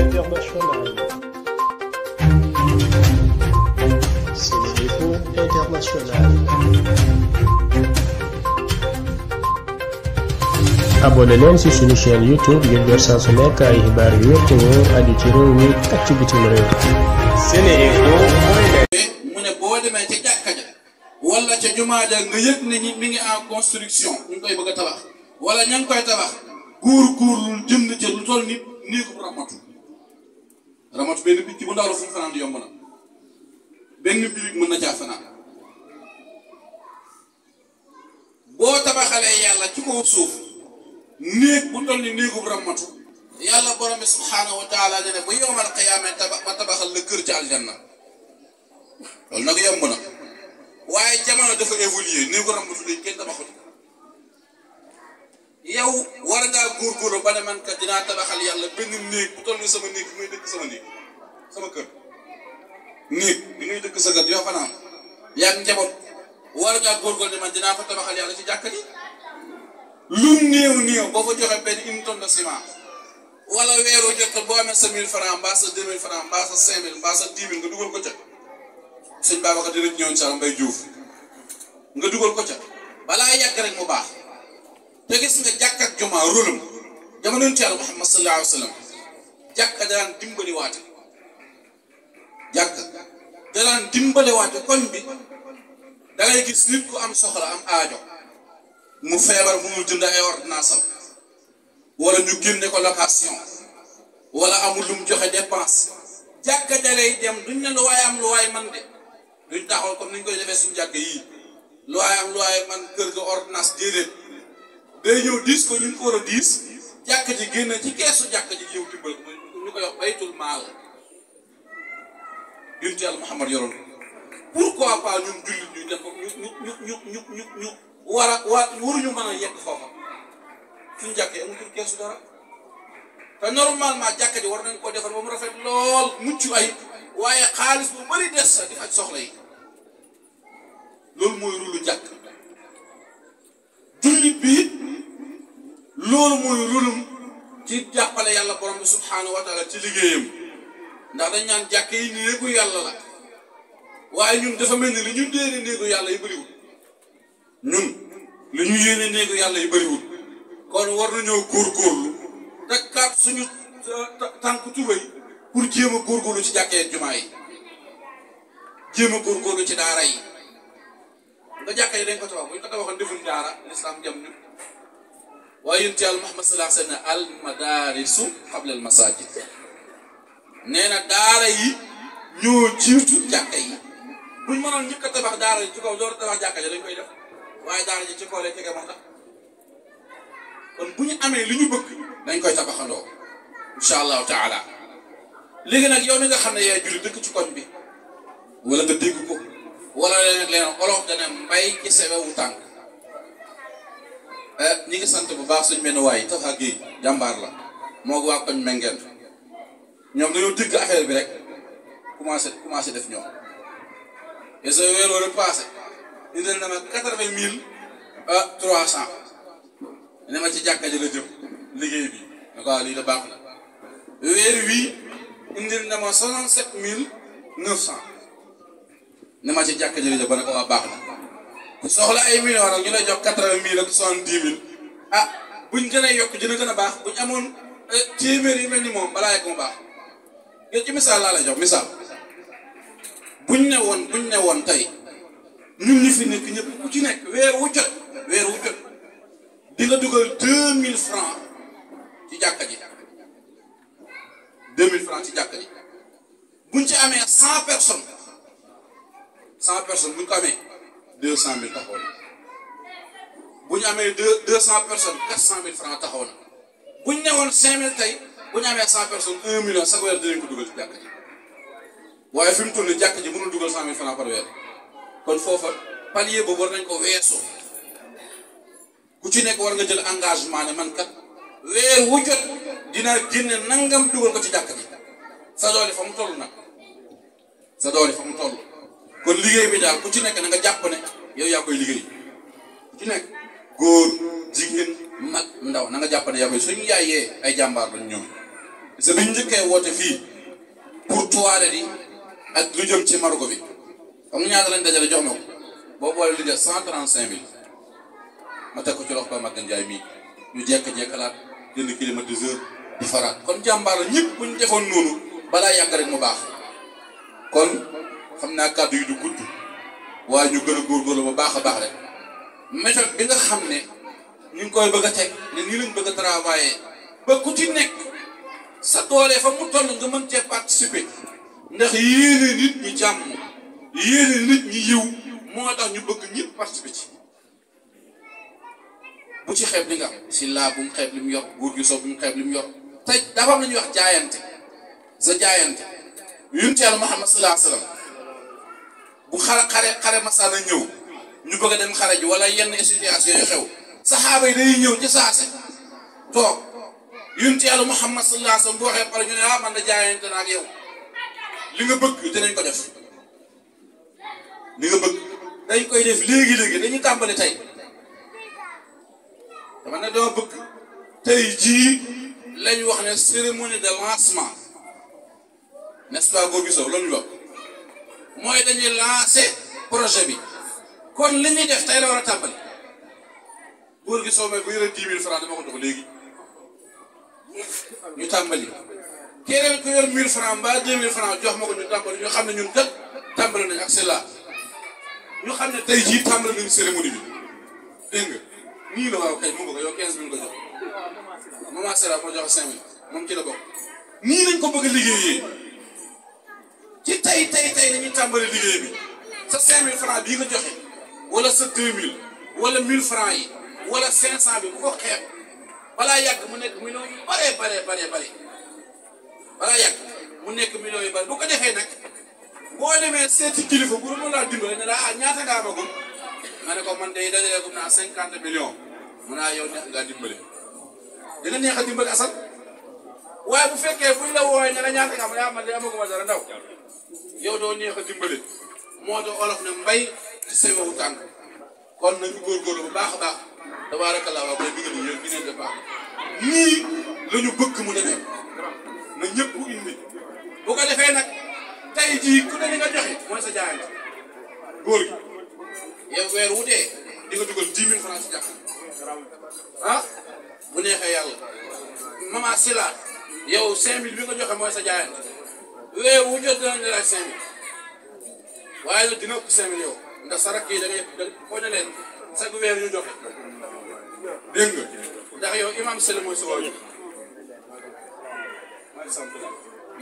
internationale. Sénéinfo International. YouTube ngir jot saa su nekk ay xibaar yu wér te ci réew mi ak bitim réew. Sénéinfo. mu demee ca jàkka ja wala ca jumaa ja nga yëg ne ñi mi ngi en construction ñu koy bëgg a tabax wala ña ngi koy tabax góor góorlu ca lu toll ni nii ko bu ramatu benn picc bu ndaw la fu mu fanaan yomb na benn birig mën na caa fanaan boo tabaxalee yàlla ci kaw suuf néeg bu toll ni néegub ramatu yàlla borom bi subhaanahu wa taala dina bu yowmal qiyaamee tabax ma tabaxal la kër ci aljanna loolu nag yomb na waaye jamono dafa évoluer néegu ramatu léegi kenn tabaxut yow góorgóorlu ba ne man kat dinaa tabaxal yàlla benn néeg bu toll nii sama néeg bi may dëkk sama néeg sama kër néeg bi ngay dëkk sa kër yoo fanaan yaa ngi njaboot war ngaa góorgóorlu ne man dinaa ko tabaxal yàlla ci jàkka ji lu néew néew boo fa joxe benn une tonne de ciment wala weeru jot boo amee sa mille franc mbaa sa deux mille franc mbaa sa cinq mille mbaa sa dix mille nga dugal ko ca sëñ Babacar dina ñëw incha allah Mbaye Diouf nga dugal ko ca balaa yàgg rek mu baax te gis nga jàkk ak juma rëlum jamono yonent Yàlla Muhammad sallallahu alayhi wa sallam dimbali waate jàkka daan dimbali waate koñ bi da gis nit ku am soxla am aajo mu feebar mu mu jënd ay ordonnance am wala ñu génne ko location wala amul lu mu joxe dépense jàkka dalay dem duñ ne lu waay am lu man de duñ taxaw comme niñ koy defee suñu jàkka yii lu waay am lu waay man kër ga ordonnance déedéet day ñëw diis ko ñu ko war a diis jàkk ji génn ci keesu jàkk ji ñëw dimbal ko ñu ko wax baytul maal yonent yàlla Muhammad yoroon pourquoi pas ñun jullit ñu def ko ñu ñu ñu ñu ñu ñu war a war waruñu mën a yegg foofa suñu jàkkee keesu dara te normalement jàkk ji war nañ koo defar ba mu rafet lool mucc ayib waaye xaalis bu bëri des sa soxla yi loolu mooy rulu jàkk jullit bi loolu mooy rulum ci jàppale yàlla borom bi subhaanahu wa ci liggéeyam ndax dañ naan jàkke yi néegu yàlla la waaye ñun dafa mel ni li ñu déene néegu yàlla yu bëriwul ñun li ñu yéene néegu yàlla yu bëriwul kon war na ñëw nañoo góorgóorlu takkaat suñu tànk tubay pour jéem a góorgóorlu ci jàkkee jumaa yi jéem a góorgóorlu ci daara yi nga jàkkee dañ ko tabax bu ñu ko tabaxoon defuñ daara lislaam jam ñu waaye yonent yàlla Muhammad sallallahu alayhi wa sallam al madaarisu qabla al masaajid nee na daara yi ñoo jiitu jàkka yi buñ mënoon njëkk a tabax daara yi ci kaw door tabax jàkka dañ koy def waaye daara ji ci kaw lay tege kon bu ñu amee li ñu bëgg dañ koy tabaxandoo incha allahu taala léegi nag yow mi nga xam ne yaay julli dëkk ci koñ bi wala nga dégg ko wala leneen ak leneen dana mbay ci sewewu tànk Eh, ñi ngi sante bu baax suñ benn waay Tafa Guèye jàmbaar la moo ko waa koñ mengeen ñoom dañoo digg affaire bi rek commencé commencé def ñoom et ce weer wala passé indil na ma quatre-vingt mille euh, trois cent ne ma ci bi ne ko lii la baax na mille neuf cent ne ma ci jàkka ji ba ne ko baax na soxla ay millions nag a lay jox quatre-vingt mille ak soixante-dix mille ah buñ gën a yokk dina gën a baax buñ amoon eh, téeméer yu mel ni moom balaa yegg mu baax yéen ci misaal laa lay jox misaal buñ ne woon buñ ne woon tey ñun ñi fi nekk ñëpp ku ci nekk weer wu jot weer wu jot di nga dugal deux mille francs ci jàkka ji deux mille francs ci jàkka ji buñ ci amee cent personnes cent personnes buñ ko deux cent mille taxaw na bu ñu amee deux deux cent personnes quatre cent mille franc taxaw na bu ñu newoon cinq mille tey bu ñu amee cent personnes un million sa weer dinañ ko dugal ci jàkk ji waaye fi mu toll jàkk ji mënul dugal cent mille kon foofa palier boobu war nañ ko weesu ku ci nekk war nga jël engagement ne man kat weer wu jot dina génne nangam dugal ko ci jàkk ji sa doole fa mu toll nag sa doole fa mu toll. liggéey bi daal ku ci nekk na nga jàpp ne yow yaa koy liggéey ku ci nekk góor jigéen mag ndaw na nga jàpp ne yaa koy suñu yaayee ay jàmbaar ba ñoom parce bi ñu njëkkee woote fii pour toilette yi ak lu ci Maroc bi xam nga ñaata lañ dajale jox ma ko boo boole li def cent trente ko ci loxo ba Maguette Ndiaye jekk-jekkalaat jënd climatiseur di faraat kon jàmbaar la ñëpp bu ñu balaa yàgg rek mu baax kon. xam naa kàddu yi du gudd waaye ñu gën a góorgóorlu bu baax a baax rek méthode bi nga xam ne ñu ngi koy bëgg a teg ne nii lañ bëgg a travailler ba ci sa doole fa mu cee participer ndax yéene nit ñi jàmm yéene nit ñi yiw moo tax ñu bëgg ñëpp participer ci bu ci xeeb li nga am si laa bu mu xeeb li mu yor góor gi soo bu mu xeeb li mu yor te dafa am lu ñuy wax jaayante sa jaayante yunteelu Muhammad sallallahu alayhi wa sallam bu xare xare xare masaana ñëw ñu bëgg a dem xare ji wala yenn situation yu xew saxaaba yi dañuy ñëw ci saase toog yunti yàlla Muhammad sallallahu alayhi wasallam bu waxee pare ñu ah, man da jaayante naa ak li nga bëgg dinañ ko def nga bëgg dañ koy def léegi-léegi dañuy tàmbali tey dama ne dama bëgg tey jii lañ wax ne cérémonie de lancement n'est-ce pas boo gisoo loolu ñu mooy dañuy lancer projet bi kon li ñuy def tey la war a tàmbali buur gi soo may bu yore dix mille dama ko jox léegi ñu tàmbali keneen ku yor mille francs mbaa deux mille francs jox ma ko ñu tàmbali ñu xam ne ñun kat tàmbali nañ ak cela ñu xam ne tey jii tàmbali nañ cérémonie bi dégg nga nii la waaw kay mu nga ko yow quinze mille ko jox maman Sera moo jox cinq mille moom ci la bokk nii lañ ko bëgg a liggéeyee tey tey tey dañuy tàmbali liggéey bi sa 5000 francs bii nga joxe wala sa 2000 wala 1000 francs yi wala 500 bi bu ko xeeb balaa yàgg mu nekk millions yu bare bare bare bare balaa yàgg mu nekk millions yu bare bu ko defee nag boo demee seeti kilifa bu doon laa dimbale ne la ah ñaata ngaa amagum nga ne ko man day dajale gum naa 50 millions mun naa ah, yow neex ngaa dimbale dina neex a dimbale asal waaye bu fekkee buñ la woowee ne la ñaata nga am ne ah man de amaguma dara ndaw. yow doo neex a dimbale moo tax olof ne mbay ci say waxu tànk kon nañu góorgóorlu bu baax a baax tabaarakallaa wax dëgg yàlla ñu ngi leen di baax bëgg mu ne a ñëpp indi bu ko defee nag tey jii ku ne li gi yow weer wu dee di nga ci jàpp ah bu neexee yàlla maman Sila yow bi nga joxe mooy sa jaayante. weer wu jot danañ la laaj cinq mille waaye nag dina ëpp cinq mille yow ndax sa rakk yi da ngay da foog ne leen chaque weer ñu joxe dégg nga ndax yow imam Sële mooy sa waajur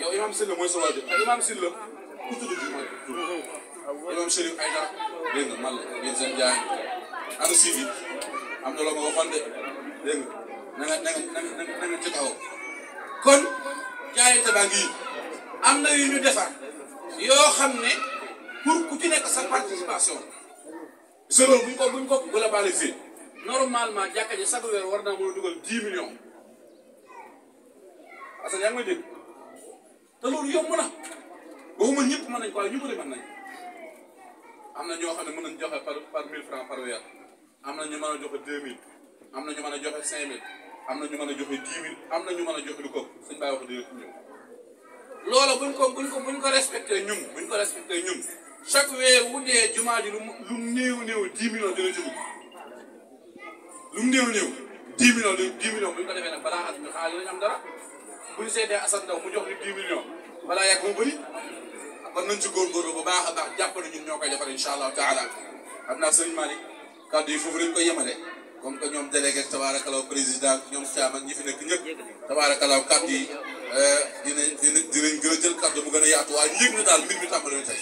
yow imam Sële mooy sa waajur ak imam Sële ku tudd ji mooy imam Chérif Aïda dégg nga man la yéen seen jaay am si bi am na loo ma waxoon de dégg nga na nga na nga na nga ci taxaw kon jaayante baa ngi am na yu ñu defar yoo xam ne pour ku ci nekk sa participation selon buñ ko buñ ko globalisé normalement jàkka ji chaque weer war naa mën a dugal dix millions parce que yaa ngi may dégg te loolu yomb na waxuma ñëpp mën nañ ko waaye ñu bëri mën nañ am na ñoo xam ne mën nañ joxe par par mille francs par weer am na ñu mën a joxe deux mille am na ñu mën a joxe cinq mille am na ñu ma a joxe dix mille am na ñu mën a joxe lu ko suñ bàyyi wax dëgg loola buñ ko buñ ko buñ ko respecté ñu buñ ko respecté ñun chaque weer wu dee jumaa ji lu lu néew néew dix millions dina jëm lu néew néew dix millions dix millions buñ ko defee nag balaa at mi xaalis lañ am dara buñ seetee Assane Ndaw mu jox ñu dix millions balaa yàgg mu bëri kon nañ ci góorgóorlu bu baax a baax jàpp ñoo koy defal incha allahu taala xam naa sëñ Malick kàddu yi foofu lañ ko yemale comme que ñoom délégué tabaarakalaw président ñoom Thiam ak ñi fi nekk ñëpp tabaarakalaw kàddu dinañ eh, dinañ dinañ gën a jël kàddu bu gën a yaatu waaye yëg na daal mbir mi tàmbali na tey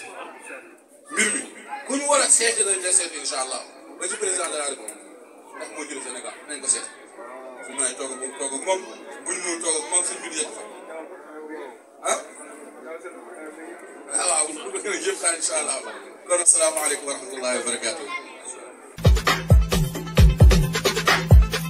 mbir mi ku ñu war a seeti dañ allah ba ci président de la république ndax moo jëlee Sénégal nañ ko seeti su ñu naan toog ak moom toog ak moom moom suñ biir yëpp ah? ah waaw waaw yëpp xaar incha allah wa rahmatullahi